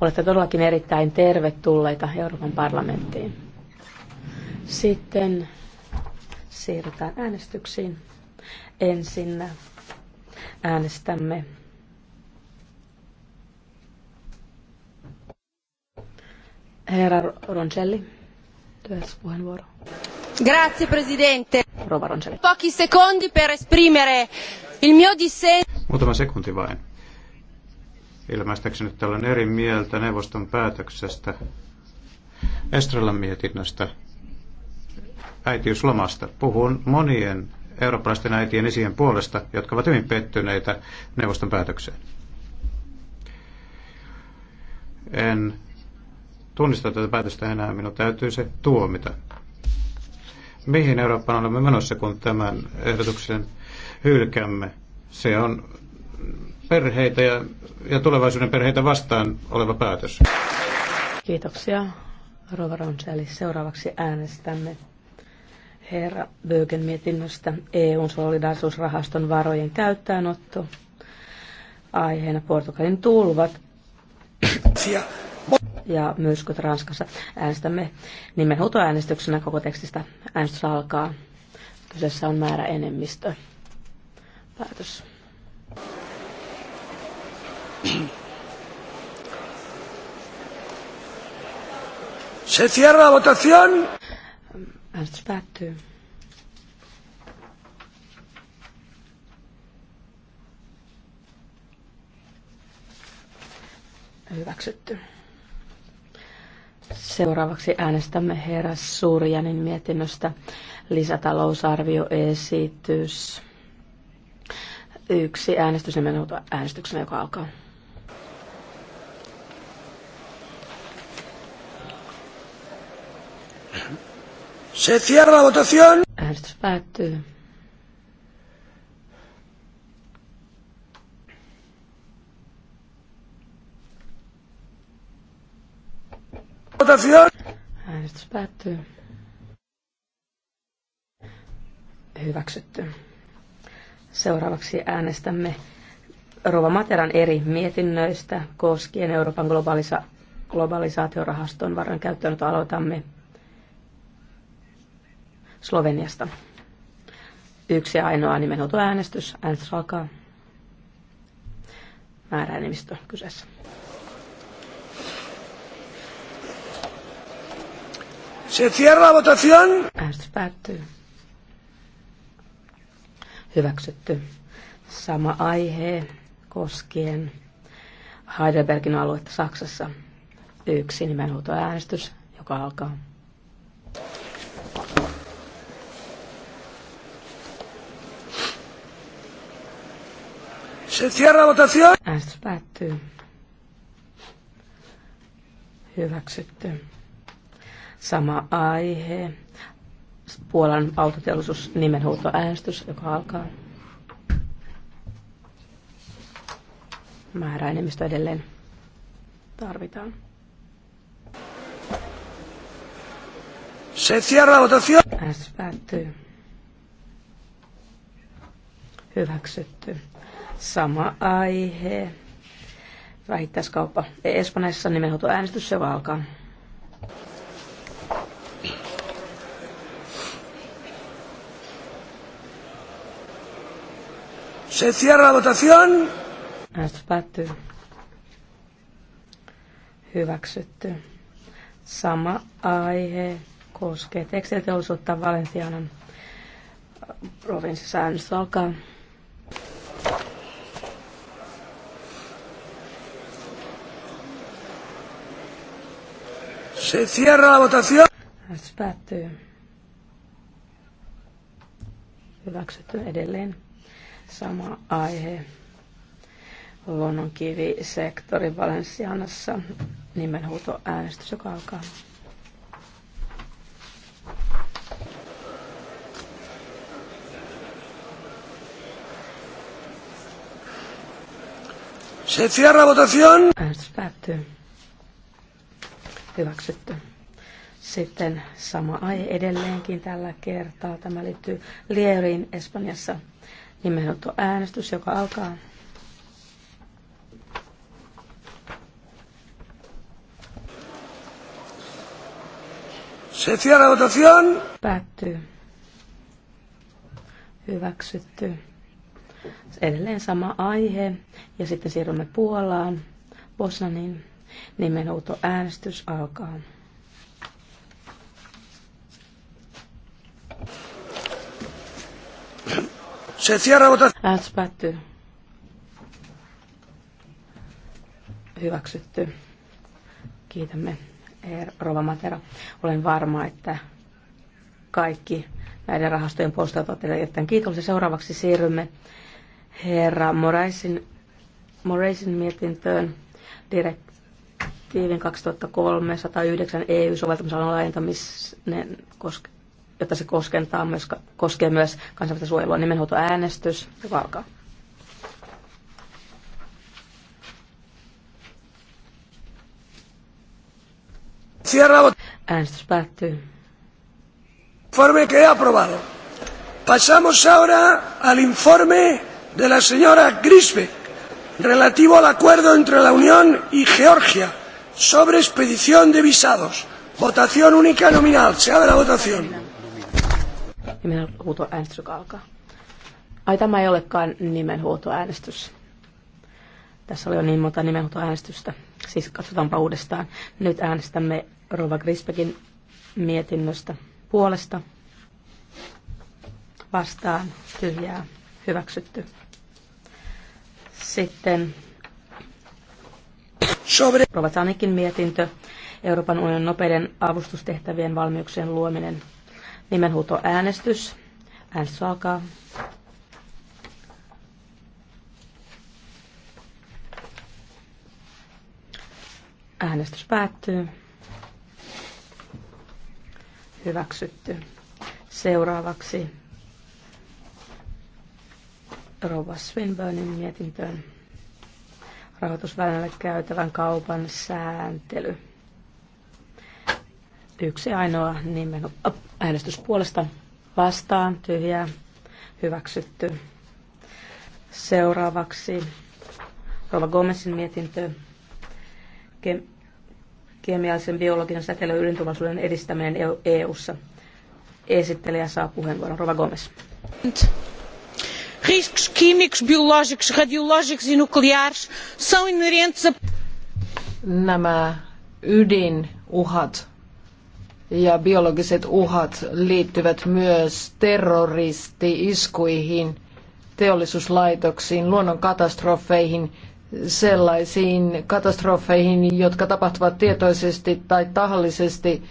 Olette todellakin erittäin tervetulleita Euroopan parlamenttiin. Sitten siirrytään äänestyksiin. Ensin äänestämme Herra Roncelli, työspuheenvuoro. Grazie Presidente. Rova Roncelli. Pochi secondi per esprimere il mio dissenso. Muutama sekunti vain ilmaistakseni, että olen eri mieltä neuvoston päätöksestä Estrellan mietinnöstä äitiyslomasta. Puhun monien eurooppalaisten äitien isien puolesta, jotka ovat hyvin pettyneitä neuvoston päätökseen. En tunnista tätä päätöstä enää, minun täytyy se tuomita. Mihin Eurooppaan olemme menossa, kun tämän ehdotuksen hylkäämme? Se on perheitä ja, ja tulevaisuuden perheitä vastaan oleva päätös. Kiitoksia. Rova Ronseli. Seuraavaksi äänestämme herra Bögen mietinnöstä EUn solidaarisuusrahaston varojen käyttäenotto. Aiheena Portugalin tulvat. Ja myöskö Ranskassa. Äänestämme nimenhuutoäänestyksenä koko tekstistä. Äänestys alkaa. Kyseessä on määrä enemmistö. Päätös. Se cierra la votación. Hyväksytty. Seuraavaksi äänestämme herra Surjanin mietinnöstä lisätalousarvioesitys. Yksi äänestys ja äänestyksen, joka alkaa. Se cierra la votación. Äänestys päättyy. Votación. Äänestys päättyy. Hyväksytty. Seuraavaksi äänestämme Rova Materan eri mietinnöistä koskien Euroopan globaalisa- globalisaatiorahaston varan käyttöönotto. Aloitamme Sloveniasta. Yksi ainoa nimenhuutoäänestys. Äänestys alkaa. Määräenemmistö kyseessä. Se cierra votación. Äänestys päättyy. Hyväksytty. Sama aihe koskien Heidelbergin aluetta Saksassa. Yksi äänestys, joka alkaa. Se cierra votación. Äänestys Hyväksytty. Sama aihe. Puolan autoteollisuus nimenhuutoäänestys, joka alkaa. Määräenemmistö edelleen tarvitaan. Se cierra votación. Äänestys päättyy. Hyväksytty. Sama aihe. Vähittäiskauppa Espanjassa äänestys, se alkaa. Se cierra la votación. Äänestys päättyy. Hyväksytty. Sama aihe koskee tekstiliteollisuutta Valentianan provinssissa äänestys alkaa. Se cierra la votación. Äänestys päättyy. Hyväksytty edelleen. Sama aihe. Luonnonkivisektori Valensianassa. äänestys, joka alkaa. Se cierra votación. Äänestys päättyy hyväksytty. Sitten sama aihe edelleenkin tällä kertaa. Tämä liittyy Lieriin Espanjassa nimenotto äänestys, joka alkaa. Se cierra votación. Päättyy. Hyväksytty. Edelleen sama aihe. Ja sitten siirrymme Puolaan, Bosnaniin. Nimenhuuto äänestys alkaa. Se cierra Äänestys päättyy. Hyväksytty. Kiitämme, Rova Matera. Olen varma, että kaikki näiden rahastojen puolustajat ovat teille erittäin kiitollisia. Seuraavaksi siirrymme herra Moraisin, Moraisin mietintöön direktiivistä direktiivin 2003-109 EU-soveltamisalan laajentaminen, jotta se koskentaa myös, koskee myös kansainvälistä suojelua nimenhuoltoäänestys, joka alkaa. Äänestys päättyy. Informe que he aprobado. Pasamos ahora al informe de la señora Grisbeck relativo al acuerdo entre la Unión y Georgia sobre expedición de visados. Votación única nominal. Se abre la votación. Ai tämä ei olekaan nimenhuutoäänestys. Tässä oli jo niin monta nimenhuutoäänestystä. Siis katsotaanpa uudestaan. Nyt äänestämme Rova Grisbekin mietinnöstä puolesta. Vastaan tyhjää hyväksytty. Sitten sobre... Rovatanikin mietintö Euroopan unionin nopeiden avustustehtävien valmiuksien luominen. Nimenhuuto äänestys. Äänestys alkaa. Äänestys päättyy. Hyväksytty. Seuraavaksi Rova Swinburnin mietintöön rahoitusvälineelle käytävän kaupan sääntely. Yksi ainoa nimen äänestys puolesta vastaan tyhjää hyväksytty. Seuraavaksi Rova Gomesin mietintö ke- kemiallisen biologisen säteilyn ydinturvallisuuden edistäminen EU-ssa. Esittelijä saa puheenvuoron. Rova Gomes. Nyt riscos químicos, biológicos, radiológicos e nucleares são inerentes a... Nämä ydinuhat ja biologiset uhat liittyvät myös terroristi-iskuihin, teollisuuslaitoksiin, luonnonkatastrofeihin, sellaisiin katastrofeihin, jotka tapahtuvat tietoisesti tai tahallisesti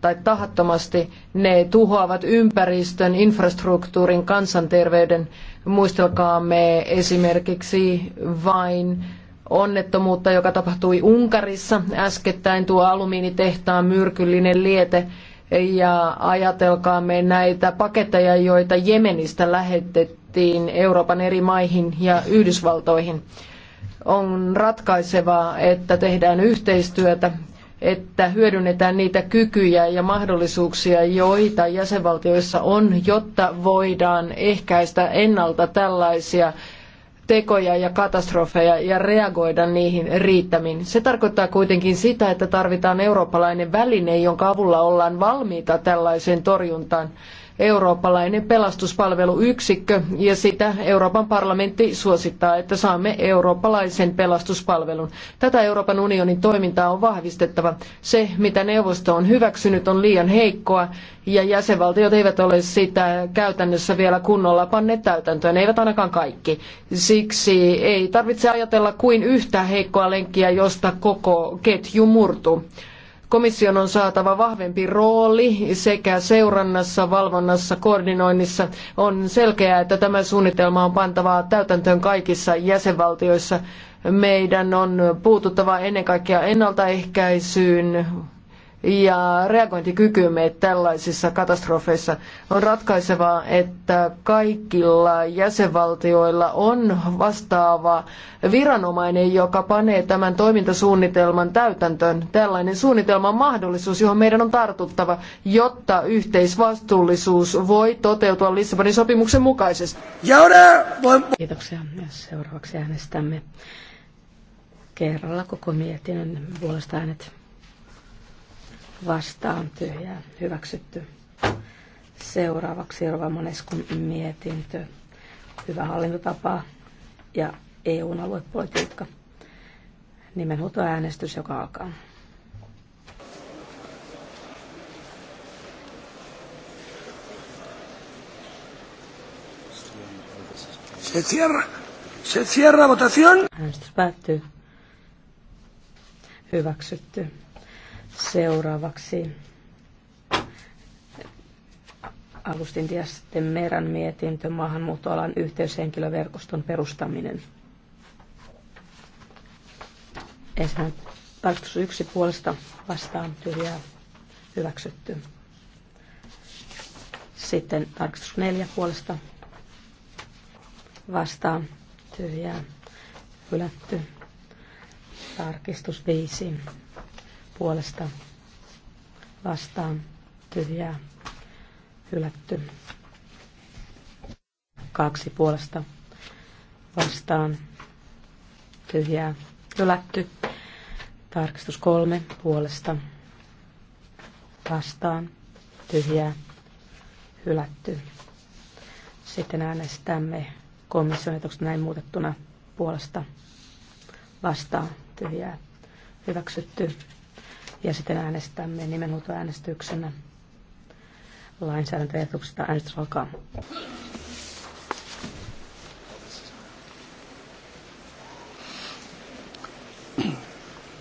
tai tahattomasti. Ne tuhoavat ympäristön, infrastruktuurin, kansanterveyden Muistelkaamme esimerkiksi vain onnettomuutta, joka tapahtui Unkarissa äskettäin tuo alumiinitehtaan myrkyllinen liete. Ja ajatelkaamme näitä paketteja, joita Jemenistä lähetettiin Euroopan eri maihin ja Yhdysvaltoihin on ratkaisevaa, että tehdään yhteistyötä että hyödynnetään niitä kykyjä ja mahdollisuuksia, joita jäsenvaltioissa on, jotta voidaan ehkäistä ennalta tällaisia tekoja ja katastrofeja ja reagoida niihin riittämin. Se tarkoittaa kuitenkin sitä, että tarvitaan eurooppalainen väline, jonka avulla ollaan valmiita tällaiseen torjuntaan eurooppalainen pelastuspalveluyksikkö ja sitä Euroopan parlamentti suosittaa, että saamme eurooppalaisen pelastuspalvelun. Tätä Euroopan unionin toimintaa on vahvistettava. Se, mitä neuvosto on hyväksynyt, on liian heikkoa ja jäsenvaltiot eivät ole sitä käytännössä vielä kunnolla panneet täytäntöön, eivät ainakaan kaikki. Siksi ei tarvitse ajatella kuin yhtä heikkoa lenkkiä, josta koko ketju murtuu. Komission on saatava vahvempi rooli sekä seurannassa, valvonnassa, koordinoinnissa. On selkeää, että tämä suunnitelma on pantava täytäntöön kaikissa jäsenvaltioissa. Meidän on puututtava ennen kaikkea ennaltaehkäisyyn, ja reagointikykymme tällaisissa katastrofeissa. On ratkaisevaa, että kaikilla jäsenvaltioilla on vastaava viranomainen, joka panee tämän toimintasuunnitelman täytäntöön. Tällainen suunnitelma on mahdollisuus, johon meidän on tartuttava, jotta yhteisvastuullisuus voi toteutua Lissabonin sopimuksen mukaisesti. Kiitoksia. Seuraavaksi äänestämme kerralla koko mietinnön puolesta äänet vastaan tyhjää hyväksytty. Seuraavaksi Rova Moneskun mietintö. Hyvä hallintotapa ja EUn aluepolitiikka. Nimenhuutoäänestys, joka alkaa. Se cierra, se cierra votación. Äänestys päättyy. Hyväksytty. Seuraavaksi Agustin Diasten Meran mietintö maahanmuuttoalan yhteyshenkilöverkoston perustaminen. Ensinnä tarkistus yksi puolesta vastaan tyhjää hyväksytty. Sitten tarkistus neljä puolesta vastaan tyhjää hylätty. Tarkistus viisi puolesta vastaan tyhjää hylätty. Kaksi puolesta vastaan tyhjää hylätty. Tarkistus kolme puolesta vastaan tyhjää hylätty. Sitten äänestämme komission näin muutettuna puolesta vastaan tyhjää hyväksytty ja sitten äänestämme äänestyksenä. lainsäädäntöehdotuksesta. Äänestys alkaa.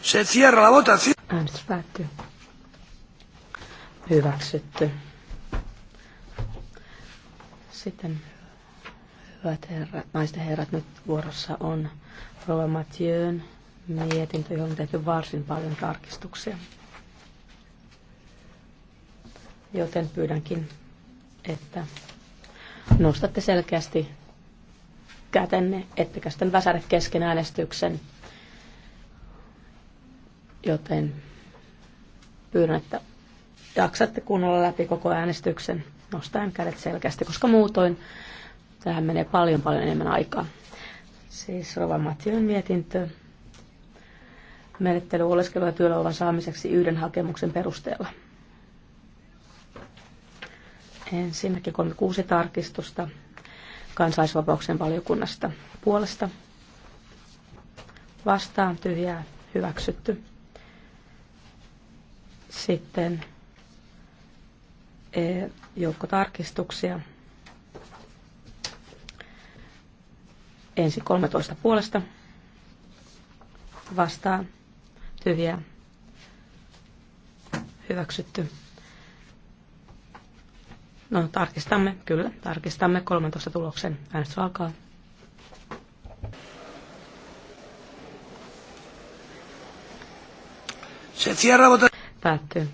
Se cierra la votación. Äänestys päättyy. Hyväksytty. Sitten hyvät herrat, naisten herrat, nyt vuorossa on Rova Mathieu mietintö, johon on tehty varsin paljon tarkistuksia. Joten pyydänkin, että nostatte selkeästi kätenne, ettekä sitten väsäre kesken äänestyksen. Joten pyydän, että jaksatte kunnolla läpi koko äänestyksen nostaen kädet selkeästi, koska muutoin tähän menee paljon paljon enemmän aikaa. Siis Rova Mattilin mietintö menettely oleskelu- ja työluvan saamiseksi yhden hakemuksen perusteella. Ensinnäkin 36 tarkistusta kansalaisvapauksen valiokunnasta puolesta. Vastaan tyhjää hyväksytty. Sitten e, joukko tarkistuksia. Ensin 13 puolesta vastaan tyhjää hyväksytty. No, tarkistamme, kyllä, tarkistamme 13 tuloksen. Äänestys alkaa. Se cierra Päättyy.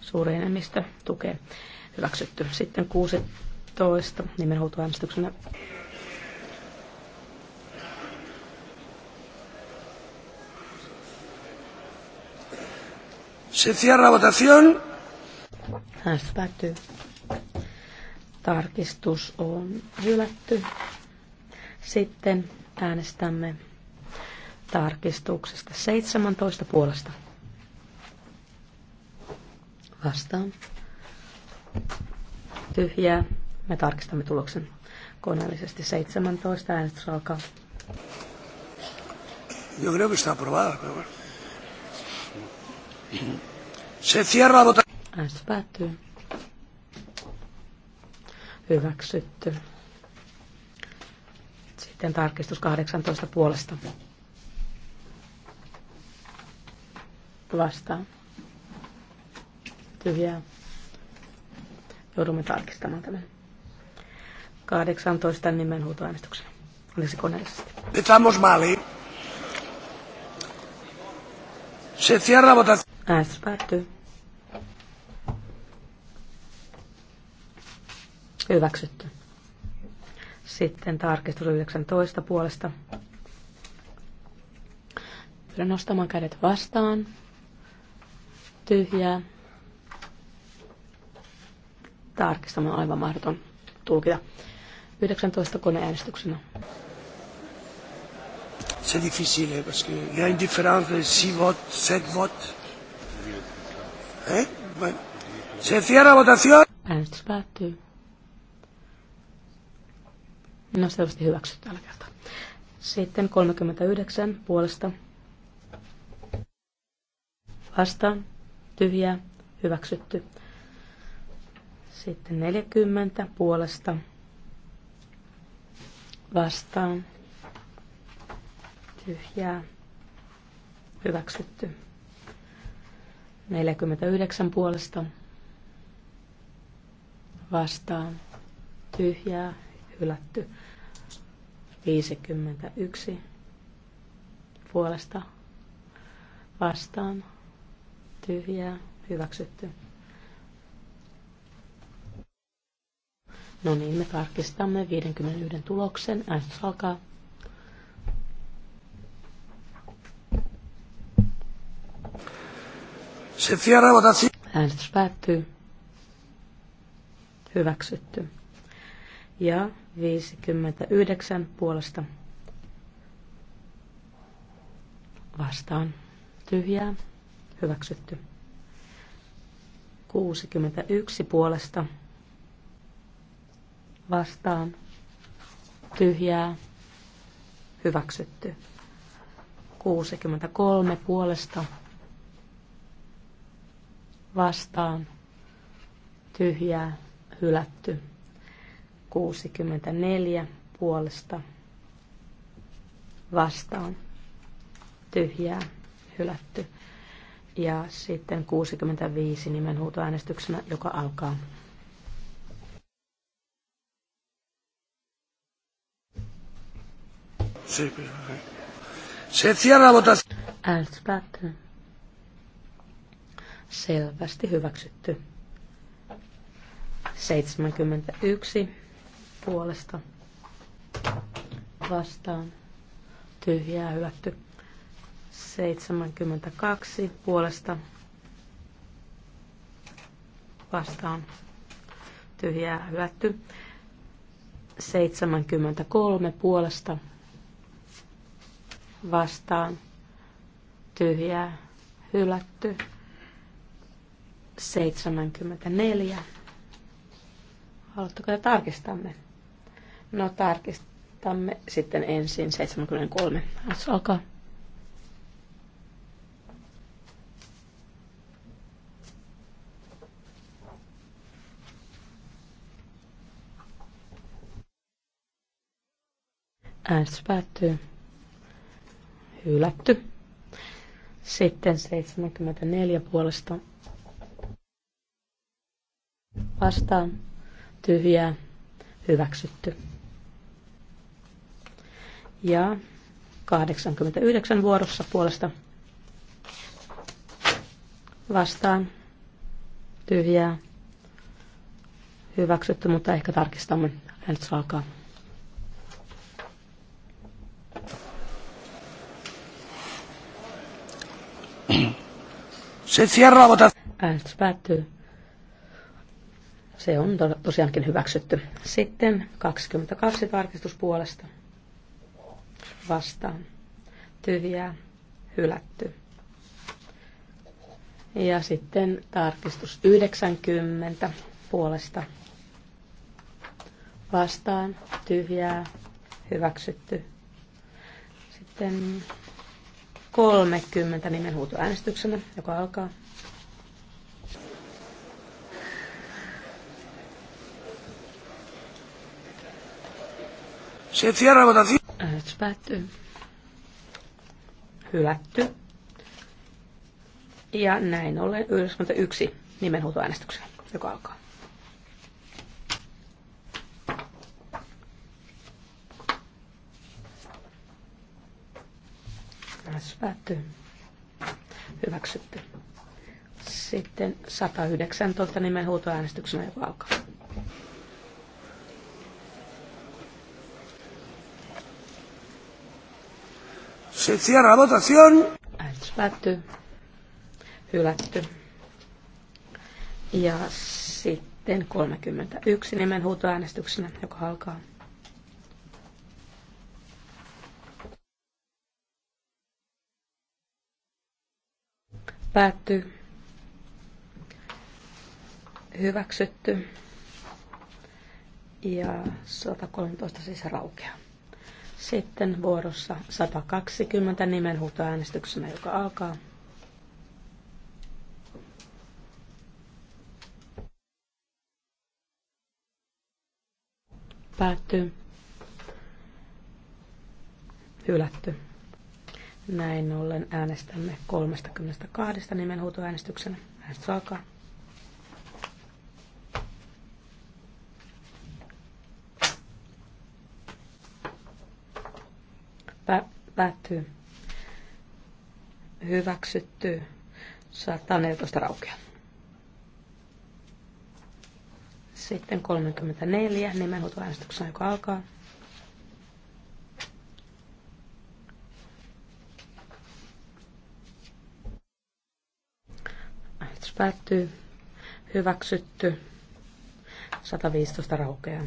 Suuri enemmistö tukee. Hyväksytty. Sitten 16 nimenhuutoäänestyksenä. äänestyksenä. Se cierra votación. Äänestys Tarkistus on hylätty. Sitten äänestämme tarkistuksesta 17 puolesta. Vastaan. Tyhjää. Me tarkistamme tuloksen koneellisesti 17. Äänestys alkaa. Yo creo que está aprobada, pero bueno. Se cierra Äänestys päättyy. Hyväksytty. Sitten tarkistus 18 puolesta. Vastaan. Tyhjää. Joudumme tarkistamaan tämän. 18 nimen huutoäänestyksen. Olisi koneellisesti. Estamos mali. Se cierra votación. Äänestys päättyy. Hyväksytty. Sitten tarkistus 19 puolesta. Pyydän nostamaan kädet vastaan. Tyhjää. Tarkistamaan aivan mahdoton tulkita. 19 koneäänestyksenä. C'est difficile parce il y a une différence de 6 votes, 7 votes. Eh? Bueno. Se cierra votación. Äänestys päättyy. No selvästi hyväksytty tällä kertaa. Sitten 39 puolesta. Vastaan. Tyhjää. Hyväksytty. Sitten 40 puolesta. Vastaan. Tyhjää. Hyväksytty. 49 puolesta vastaan tyhjää hylätty 51 puolesta vastaan tyhjää hyväksytty. No niin, me tarkistamme 51 tuloksen. Äänestys alkaa. Se cierra votación. Äänestys päättyy. Hyväksytty. Ja 59 puolesta vastaan. Tyhjää. Hyväksytty. 61 puolesta vastaan. Tyhjää. Hyväksytty. 63 puolesta vastaan tyhjää hylätty 64 puolesta vastaan tyhjää hylätty ja sitten 65 nimenhuutoäänestyksenä, joka alkaa. Se, se, se, se, se, se, se, se, Selvästi hyväksytty. 71 puolesta vastaan tyhjää hyvätty. 72 puolesta vastaan tyhjää hyvätty. 73 puolesta vastaan tyhjää hylätty. 74. Haluatteko te tarkistamme? No tarkistamme sitten ensin 73. Alkaa. äänestys päättyy. Hylätty. Sitten 74 puolesta vastaan tyhjää hyväksytty. Ja 89 vuorossa puolesta vastaan tyhjää hyväksytty, mutta ehkä tarkistamme äänestys alkaa. Se siellä Äänestys päättyy. Se on to- tosiaankin hyväksytty. Sitten 22 tarkistuspuolesta vastaan. Tyhjää, hylätty. Ja sitten tarkistus 90 puolesta vastaan, tyhjää, hyväksytty. Sitten 30 nimenhuutoäänestyksenä, joka alkaa. Se cierra votación. Äänestys päättyy. Hylätty. Ja näin ollen 91 nimenhuutoäänestyksellä, joka alkaa. Äänestys päättyy. Hyväksytty. Sitten 119 nimenhuutoäänestyksellä, joka alkaa. Se cierra votación. Äänestys päättyy. Hylätty. Ja sitten 31 nimen huutoäänestyksenä, joka alkaa. Päättyy. Hyväksytty. Ja 113 siis raukeaa. Sitten vuorossa 120 nimenhuutoäänestyksenä, joka alkaa. Päättyy. Hylätty. Näin ollen äänestämme 32 nimenhuutoäänestyksenä. Äänestys alkaa. päättyy. Hyväksytty. 114 raukea. Sitten 34 nimenhuutoäänestyksenä, joka alkaa. Äänestys päättyy. Hyväksytty. 115 raukeaa.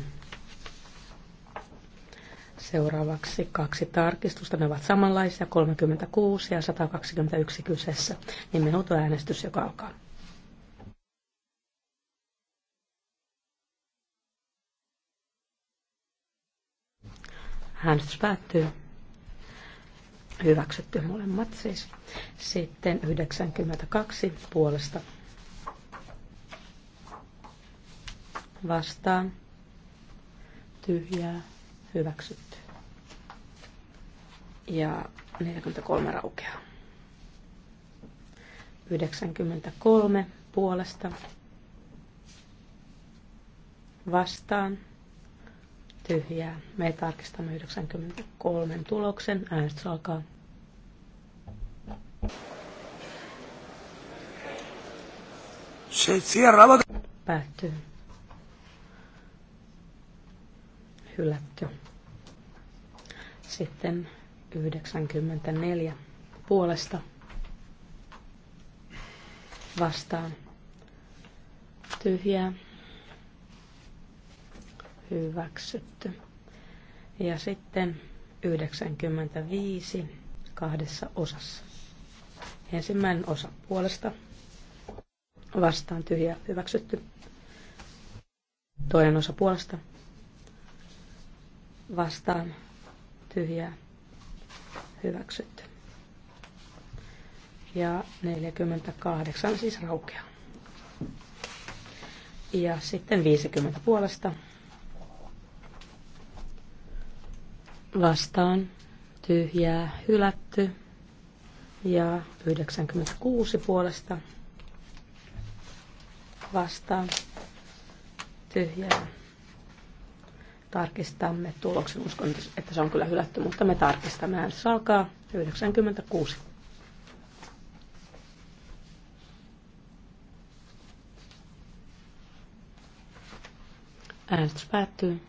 Seuraavaksi kaksi tarkistusta. Ne ovat samanlaisia, 36 ja 121 kyseessä. Niin äänestys, joka alkaa. Äänestys päättyy. Hyväksytty molemmat siis. Sitten 92 puolesta vastaan. Tyhjää. Hyväksytty ja 43 raukeaa. 93 puolesta vastaan tyhjää. Me tarkistamme 93 tuloksen. Äänestys alkaa. Päättyy. Hylätty. Sitten 94 puolesta vastaan tyhjää hyväksytty. Ja sitten 95 kahdessa osassa. Ensimmäinen osa puolesta vastaan tyhjää hyväksytty. Toinen osa puolesta vastaan tyhjää hyväksytty. Ja 48 siis raukeaa. Ja sitten 50 puolesta vastaan tyhjää hylätty ja 96 puolesta vastaan tyhjää Tarkistamme tuloksen. Uskon, että se on kyllä hylätty, mutta me tarkistamme. Äänestys alkaa 96. Äänestys päättyy.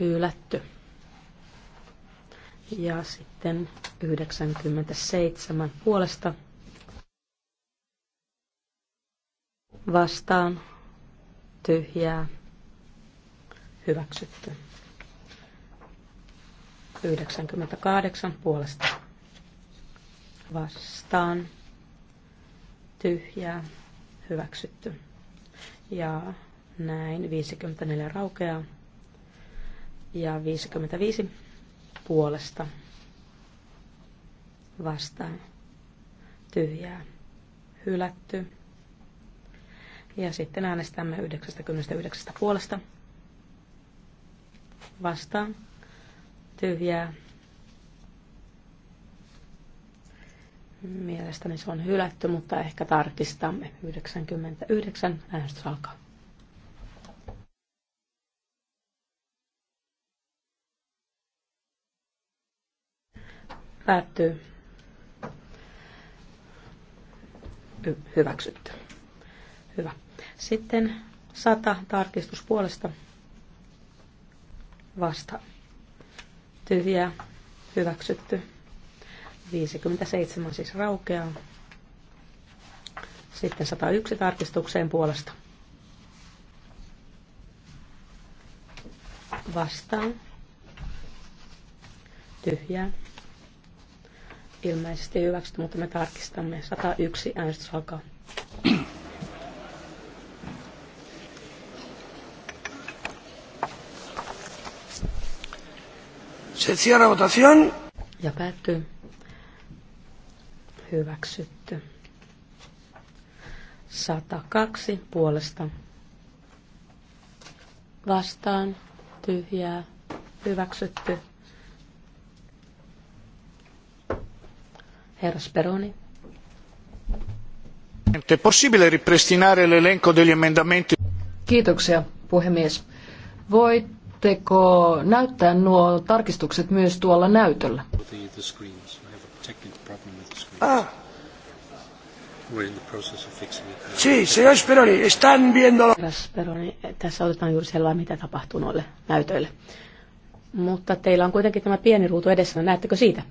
Hylätty. Ja sitten 97 puolesta vastaan tyhjää hyväksytty. 98 puolesta vastaan tyhjää hyväksytty. Ja näin 54 raukeaa ja 55 puolesta vastaan tyhjää hylätty. Ja sitten äänestämme 99 puolesta vastaan tyhjää. Mielestäni se on hylätty, mutta ehkä tarkistamme. 99 äänestys alkaa. Päättyy. hyväksytty. Hyvä. Sitten sata tarkistus puolesta vasta tyhjä hyväksytty. 57 siis raukeaa. Sitten 101 tarkistukseen puolesta. Vastaan. Tyhjää. Ilmeisesti hyväksytty, mutta me tarkistamme. 101 äänestys alkaa. Se cierra votación. Ja päättyy. Hyväksytty. 102 puolesta. Vastaan. Tyhjää. Hyväksytty. Herra Speroni. È possibile ripristinare l'elenco degli emendamenti? Kiitoksia, puhemies. Voit voisitteko näyttää nuo tarkistukset myös tuolla näytöllä? Ah. tässä otetaan juuri selvää, mitä tapahtuu noille näytöille. Mutta teillä on kuitenkin tämä pieni ruutu edessä, niin näettekö siitä?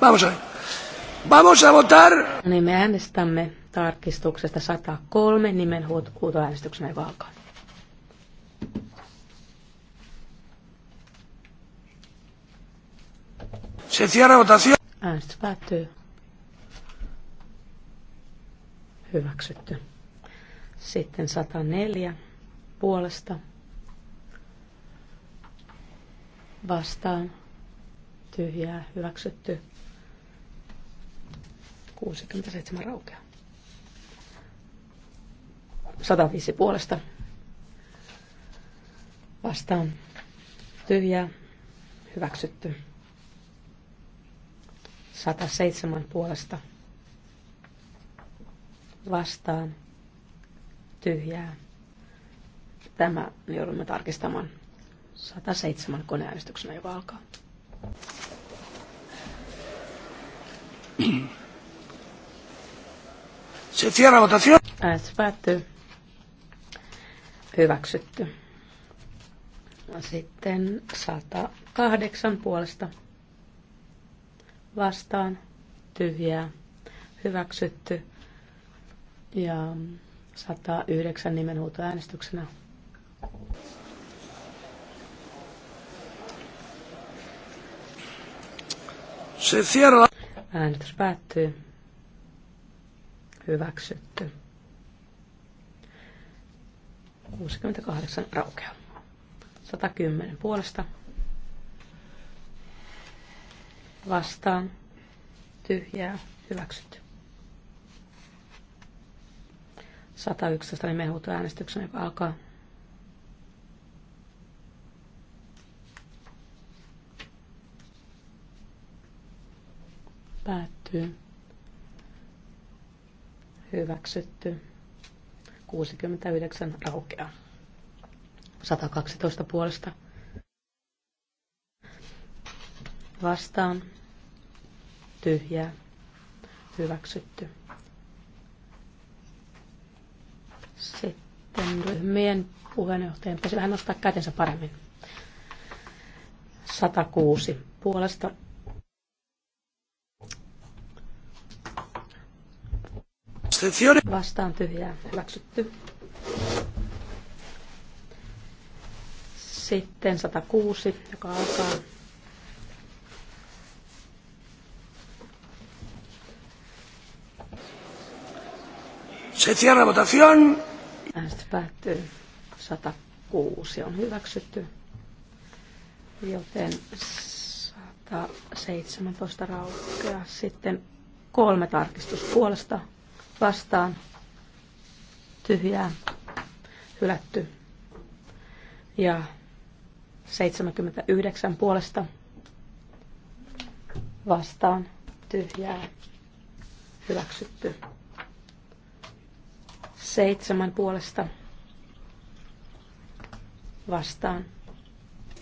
Vamos a, vamos a votar. Niin me äänestämme tarkistuksesta 103 nimen huutoäänestyksenä eikö alkaa? Se cierra votación. Äänestys päättyy. Hyväksytty. Sitten 104 puolesta vastaan tyhjää hyväksytty 67 raukeaa. 105 puolesta vastaan tyhjää hyväksytty 107 puolesta vastaan tyhjää. Tämä joudumme tarkistamaan 107 koneäänestyksenä, joka alkaa. Se Äänestys päättyy. Hyväksytty. Sitten 108 puolesta vastaan tyhjää hyväksytty ja 109 nimenhuutoäänestyksenä. Se cierra. Äänestys päättyy. Hyväksytty. 68 raukeaa. 110 puolesta vastaan tyhjää hyväksytty. 111 niin mehuuto äänestyksen, joka alkaa. Päättyy. Hyväksytty. 69 raukeaa. 112 puolesta vastaan tyhjää hyväksytty. Sitten ryhmien puheenjohtajan pitäisi vähän nostaa kätensä paremmin. 106 puolesta Vastaan tyhjää. Hyväksytty. Sitten 106, joka alkaa Se cierra votación. Äänestys päättyy. 106 on hyväksytty, joten 117 raukeaa. Sitten kolme tarkistuspuolesta vastaan tyhjää hylätty ja 79 puolesta vastaan tyhjää hyväksytty. Seitsemän puolesta vastaan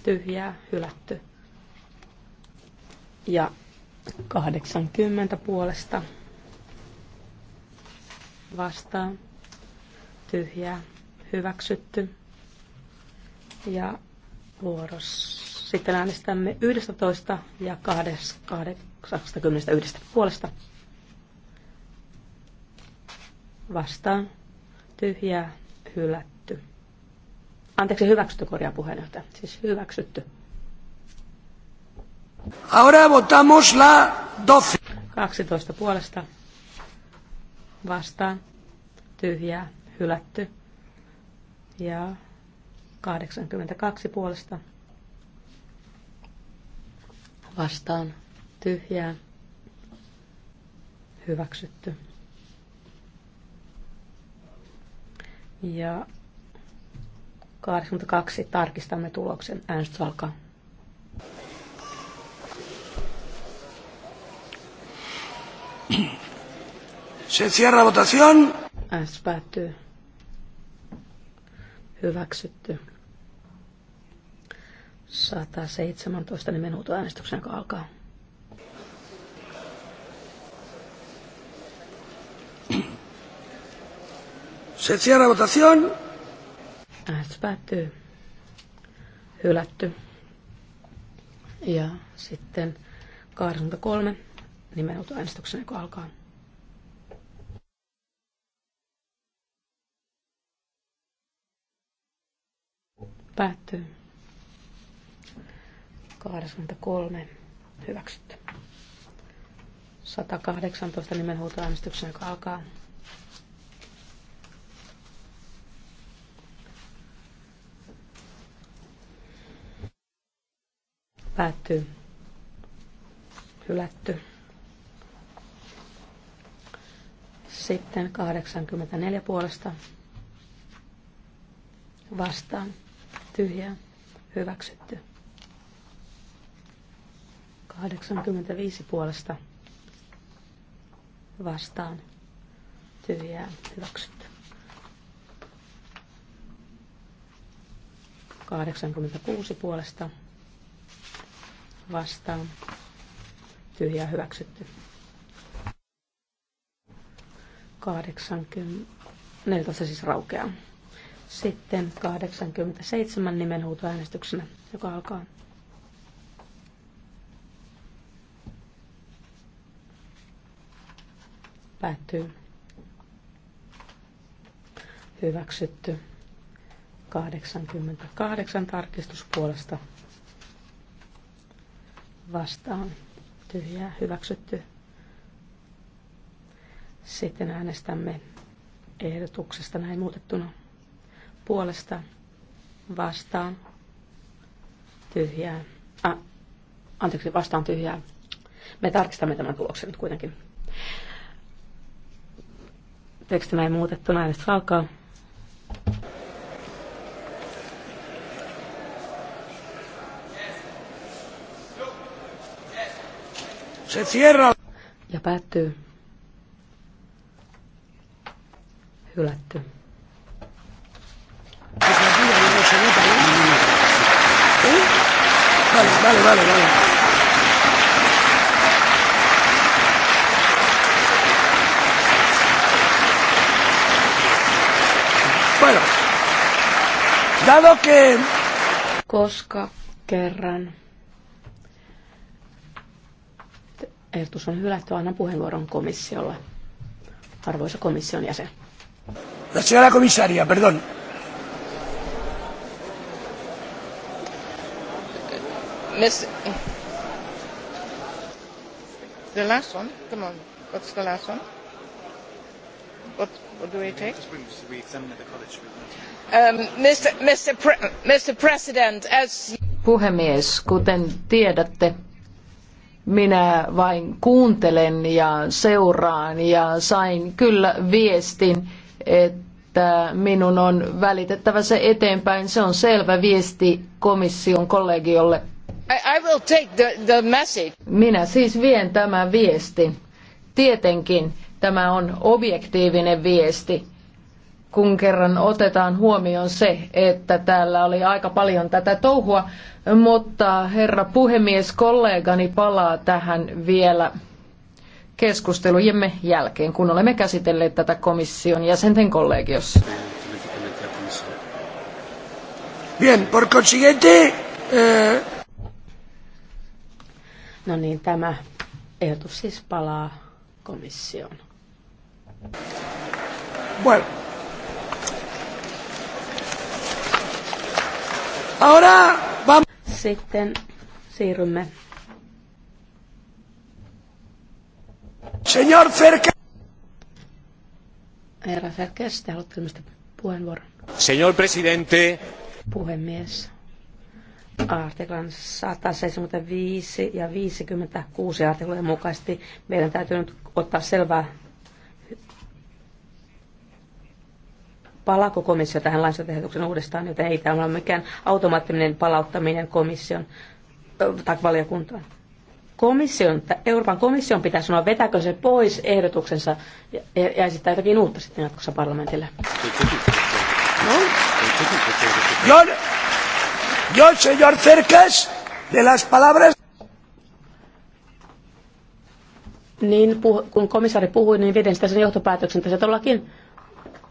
tyhjää hylätty. Ja 80 puolesta vastaan tyhjää hyväksytty. Ja vuoros. Sitten äänestämme 11 ja 81 puolesta vastaan tyhjä, hylätty. Anteeksi, hyväksytty korjaa puheenjohtaja. Siis hyväksytty. Ahora votamos la 12. 12 puolesta. Vastaan. Tyhjää, hylätty. Ja 82 puolesta. Vastaan. Tyhjää. Hyväksytty. Ja 82 tarkistamme tuloksen. Äänestys alkaa. Se cierra votación. Äänestys päättyy. Hyväksytty. 117 niin minuutin äänestyksen alkaa. Se cierra votación. Äänestys päättyy. Hylätty. Ja sitten 83 nimenhuuto äänestyksen, joka alkaa. Päättyy. 83 hyväksytty. 118 nimenhuutoäänestyksen, joka alkaa. Päättyy. Hylätty. Sitten 84 puolesta vastaan. tyhjä, Hyväksytty. 85 puolesta vastaan. tyhjä, Hyväksytty. 86 puolesta vastaan tyhjää hyväksytty. 80, 14 siis raukeaa. Sitten 87 nimenhuutoäänestyksenä, joka alkaa. Päättyy. Hyväksytty. 88 tarkistuspuolesta vastaan tyhjää hyväksytty. Sitten äänestämme ehdotuksesta näin muutettuna puolesta vastaan tyhjää. Ä, anteeksi, vastaan tyhjää. Me tarkistamme tämän tuloksen nyt kuitenkin. Teksti näin muutettuna äänestys alkaa. Se cierra. Ja päättyy. Hylätty. No no, no. ¿Eh? Vale, vale, vale, vale. Bueno, dado que... Koska kerran Ehdotus on hylätty. Annan puheenvuoron komissiolle. Arvoisa komission jäsen. La señora komissaria, perdón. Miss... The last one? Come on. What's the last one? What, what do we take? Um, Mr. Mr. Pre- Mr. President, as... Puhemies, kuten tiedätte, minä vain kuuntelen ja seuraan ja sain kyllä viestin, että minun on välitettävä se eteenpäin. Se on selvä viesti komission kollegiolle. I, I will take the, the message. Minä siis vien tämän viestin. Tietenkin tämä on objektiivinen viesti kun kerran otetaan huomioon se, että täällä oli aika paljon tätä touhua, mutta herra puhemies, kollegani palaa tähän vielä keskustelujemme jälkeen, kun olemme käsitelleet tätä komission jäsenten kollegiossa. Bien, por consiguiente... Eh, no niin, tämä ehdotus siis palaa komissioon. Bueno. Ahora vamos. Sitten siirrymme. Señor Ferke. Herra Cerkes, te haluatte ilmeisesti puheenvuoron. Señor presidente. Puhemies. Artiklan 175 ja 56 artiklojen mukaisesti meidän täytyy nyt ottaa selvää palaako komissio tähän lainsäädäntöehdotuksen uudestaan, joten ei tämä ole mikään automaattinen palauttaminen komission tai valiokuntaan. Komission, Euroopan komission pitää sanoa, vetääkö se pois ehdotuksensa ja, ja esittää jotakin uutta sitten jatkossa parlamentille. No? Yo, yo, señor Cercas, de las palabras... Niin, puh- kun komissaari puhui, niin veden sitä sen johtopäätöksen, että se todellakin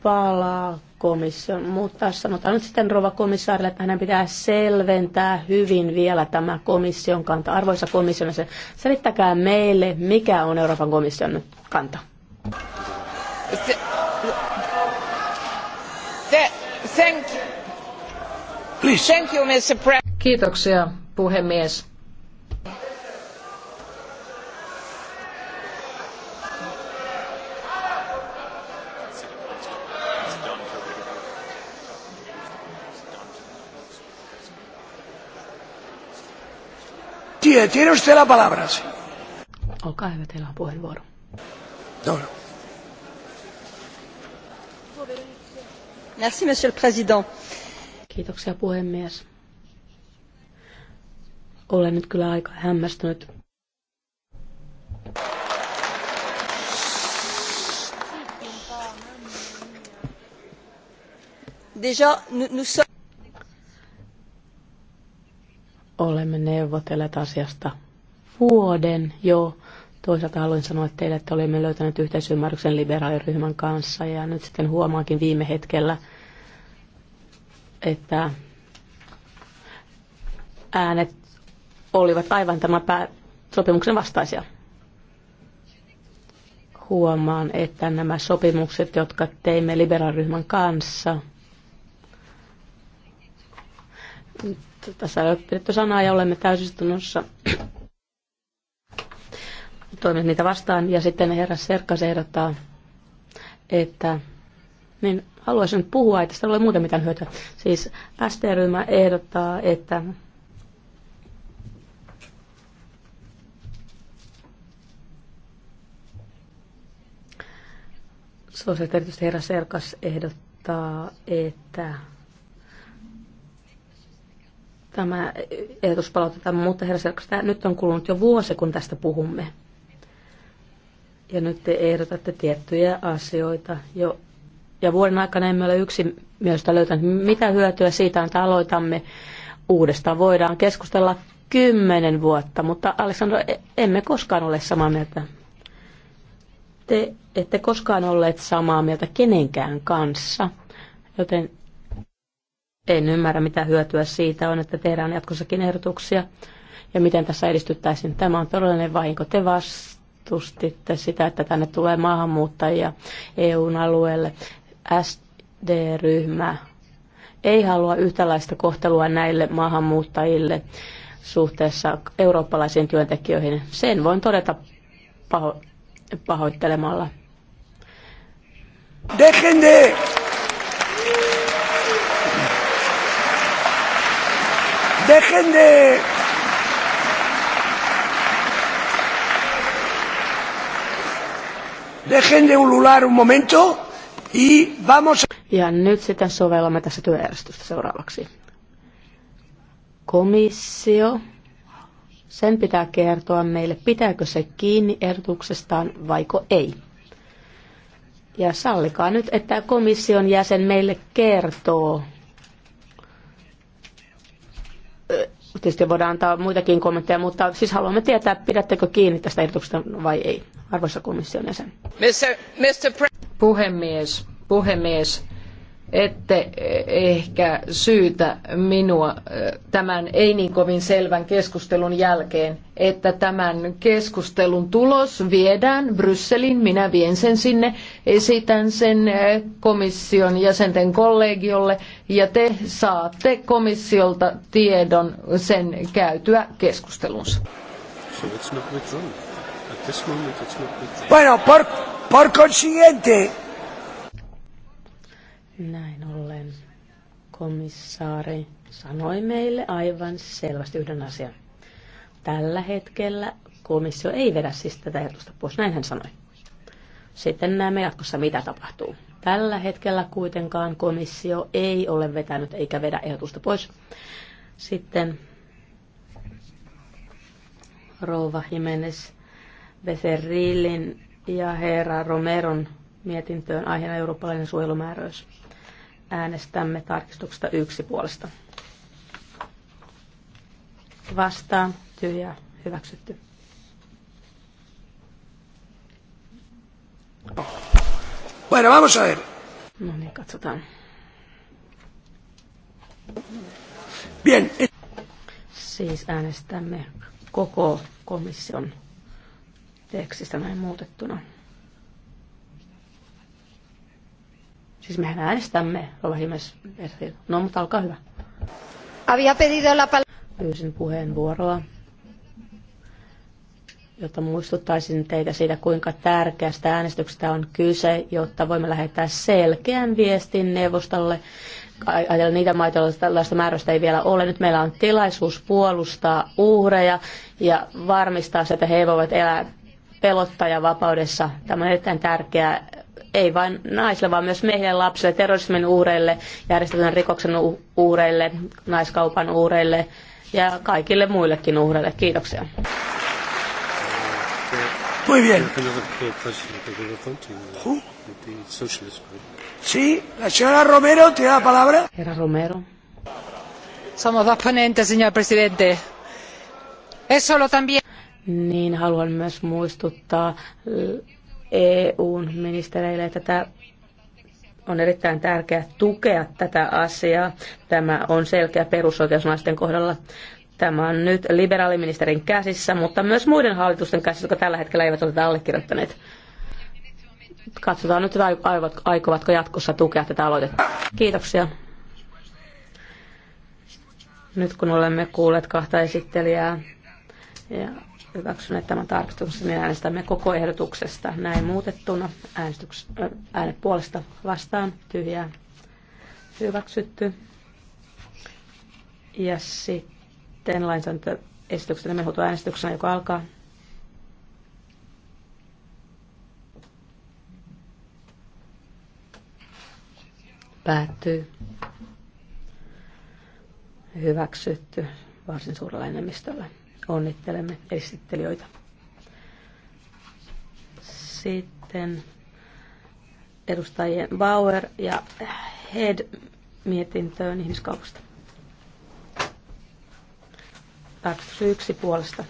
palaa komission, mutta sanotaan nyt sitten rouva komissaarille, että hänen pitää selventää hyvin vielä tämä komission kanta. Arvoisa komission, selittäkää meille, mikä on Euroopan komission kanta. Se, se, thank, thank you, Mr. Pre- Kiitoksia, puhemies. Tiene, tiene usted la palabra. Sí. Olkaa hyvä, teillä on puheenvuoro. No, no, Merci, monsieur le président. Kiitoksia puhemies. Olen nyt kyllä aika hämmästynyt. Déjà, nous, nous sommes... Olemme neuvotelleet asiasta vuoden jo. Toisaalta haluan sanoa teille, että olemme löytäneet yhteisymmärryksen liberaaliryhmän kanssa ja nyt sitten huomaankin viime hetkellä, että äänet olivat aivan tämän pää- sopimuksen vastaisia. Huomaan, että nämä sopimukset, jotka teimme liberaaliryhmän kanssa, tässä ei ole pidetty sanaa ja olemme täysistunnossa toimineet niitä vastaan. Ja sitten herra Serkka se ehdottaa, että niin haluaisin nyt puhua, että tästä ole muuten mitään hyötyä. Siis ST-ryhmä ehdottaa, että herra Serkas ehdottaa, että tämä ehdotus palautetaan, mutta herra Serkasta, nyt on kulunut jo vuosi, kun tästä puhumme. Ja nyt te ehdotatte tiettyjä asioita jo. Ja vuoden aikana emme ole yksi myös löytänyt, mitä hyötyä siitä, että aloitamme uudestaan. Voidaan keskustella kymmenen vuotta, mutta Aleksandro, e- emme koskaan ole samaa mieltä. Te ette koskaan olleet samaa mieltä kenenkään kanssa, joten en ymmärrä, mitä hyötyä siitä on, että tehdään jatkossakin ehdotuksia ja miten tässä edistyttäisiin. Tämä on todellinen vahinko. Te vastustitte sitä, että tänne tulee maahanmuuttajia EUn alueelle. SD-ryhmä ei halua yhtälaista kohtelua näille maahanmuuttajille suhteessa eurooppalaisiin työntekijöihin. Sen voin todeta paho- pahoittelemalla. Dejen Dejen de... Dejen de ulular un momento y vamos... Ja nyt sitten sovellamme tässä työjärjestystä seuraavaksi. Komissio, sen pitää kertoa meille, pitääkö se kiinni ehdotuksestaan vaiko ei. Ja sallikaa nyt, että komission jäsen meille kertoo Tietysti voidaan antaa muitakin kommentteja, mutta siis haluamme tietää, pidättekö kiinni tästä ehdotuksesta vai ei, arvoisa komission jäsen. Mr. Mr. Pre- puhemies, puhemies, ette ehkä syytä minua tämän ei niin kovin selvän keskustelun jälkeen, että tämän keskustelun tulos viedään Brysselin, minä vien sen sinne, esitän sen komission jäsenten kollegiolle ja te saatte komissiolta tiedon sen käytyä keskustelunsa. So it's not At this moment it's not Bueno, por, por consiguiente, näin ollen komissaari sanoi meille aivan selvästi yhden asian. Tällä hetkellä komissio ei vedä siis tätä ehdotusta pois, näin hän sanoi. Sitten näemme jatkossa, mitä tapahtuu. Tällä hetkellä kuitenkaan komissio ei ole vetänyt eikä vedä ehdotusta pois. Sitten Rouva Jimenez Becerrillin ja herra Romeron mietintöön aiheena eurooppalainen suojelumääräys. Äänestämme tarkistuksesta yksi puolesta. Vastaan. Tyhjää. Hyväksytty. Bueno, vamos a ver. No niin, katsotaan. Bien. Siis äänestämme koko komission tekstistä näin muutettuna. Siis mehän äänestämme, rouva Himes. No, mutta alkaa hyvä. Había pedido la Pyysin puheenvuoroa, jotta muistuttaisin teitä siitä, kuinka tärkeästä äänestyksestä on kyse, jotta voimme lähettää selkeän viestin neuvostolle Ajatellaan niitä maita, joilla tällaista määrästä ei vielä ole. Nyt meillä on tilaisuus puolustaa uhreja ja varmistaa se, että he voivat elää pelottaja vapaudessa. Tämä on erittäin tärkeä ei vain naisille, vaan myös miehille, lapsille, terrorismin uhreille, järjestetyn rikoksen uhreille, naiskaupan uhreille ja kaikille muillekin uhreille. Kiitoksia. Muy bien. Sí, la señora Romero tiene la palabra. Era Romero. Somos dos ponentes, señor presidente. Es solo también. Niin haluan myös muistuttaa EUn ministereille. Tätä on erittäin tärkeää tukea tätä asiaa. Tämä on selkeä perusoikeusnaisten kohdalla. Tämä on nyt liberaaliministerin käsissä, mutta myös muiden hallitusten käsissä, jotka tällä hetkellä eivät ole tätä allekirjoittaneet. Katsotaan nyt, aikovatko jatkossa tukea tätä aloitetta. Kiitoksia. Nyt kun olemme kuulleet kahta esittelijää ja hyväksyneet tämän tarkistuksen, niin äänestämme koko ehdotuksesta näin muutettuna. Äänestyks, äänet puolesta vastaan, tyhjää, hyväksytty. Ja sitten lainsäädäntöesityksen äänestyksenä, joka alkaa. Päättyy. Hyväksytty varsin suurella enemmistöllä. Onnittelemme esittelijöitä. Sitten edustajien Bauer ja Head mietintöön ihmiskaupasta. Tarkistus yksi puolesta.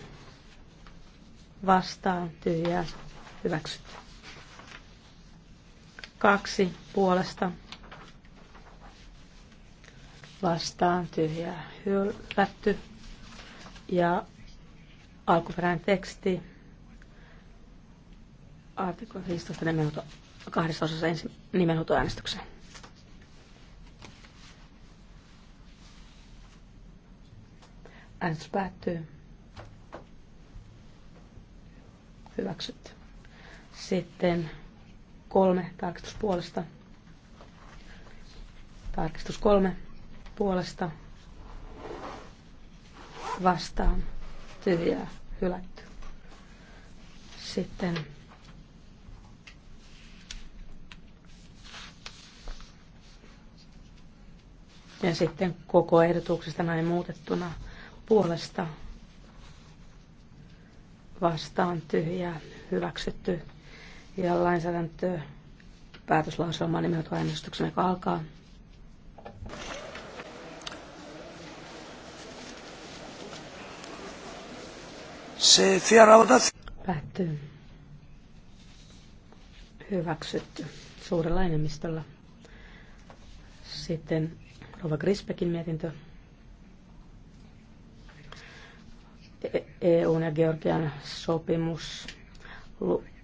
Vastaan tyhjää hyväksyt. Kaksi puolesta. Vastaan tyhjää hylätty. Ja alkuperäinen teksti. Artikla 15 nimenhuuto, kahdessa osassa ensin nimenhuutoäänestyksen. Äänestys päättyy. Hyväksytty. Sitten kolme puolesta. Tarkistus kolme puolesta vastaan tyhjää hylätty. Sitten ja sitten koko ehdotuksesta näin muutettuna puolesta vastaan tyhjää hyväksytty ja lainsäädäntö päätöslauselma nimeltä aineistuksen, joka alkaa. Se vierautat. Päättyy. Hyväksytty suurella enemmistöllä. Sitten Rova Grisbekin mietintö. EU e ja Georgian sopimus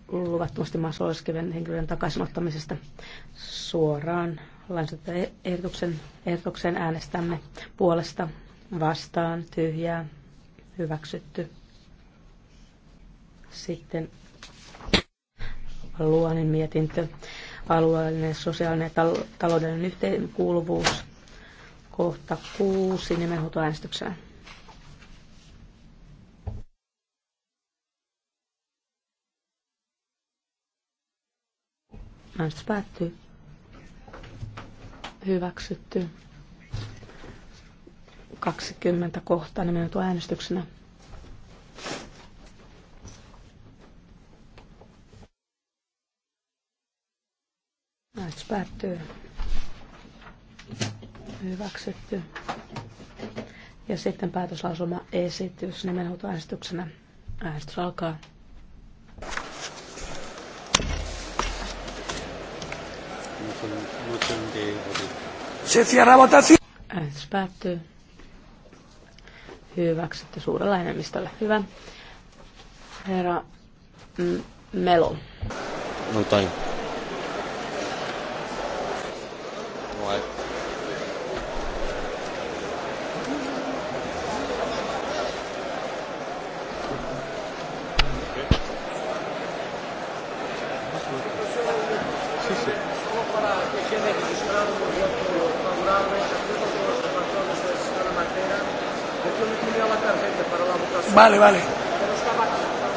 luvattomasti maassa oleskelevien henkilöiden takaisinottamisesta suoraan lainsäädäntöehdotuksen ehdotuksen äänestämme puolesta vastaan tyhjää hyväksytty. Sitten luonnin mietintö, alueellinen, sosiaalinen ja tal- taloudellinen yhteenkuuluvuus, kohta kuusi nimenhuutoäänestyksellä. Äänestys päättyy. Hyväksytty. 20 kohtaa nimenhuutoäänestyksenä. äänestyksenä. Äänestys päättyy. Hyväksytty. Ja sitten päätöslausuma esitys nimenhuutoäänestyksenä. Äänestys alkaa. Äänestys päättyy. Hyväksytty suurella enemmistöllä. Hyvä. Herra M- Melo. No, tain. Vale, vale.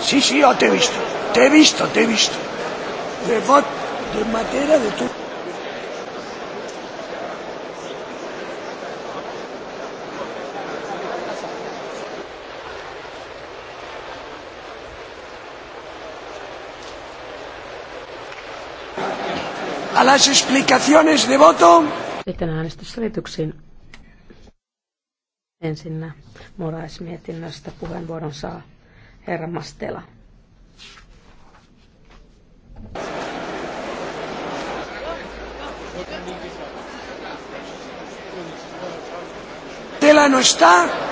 Sí, sí, yo oh, te he visto. Te he visto, te he visto. De bot, de materia de tu... A las explicaciones de voto. Sitten äänestysselityksiin. Ensinnä Moraismietinnöstä puheenvuoron saa herra Mastela. Tela no está.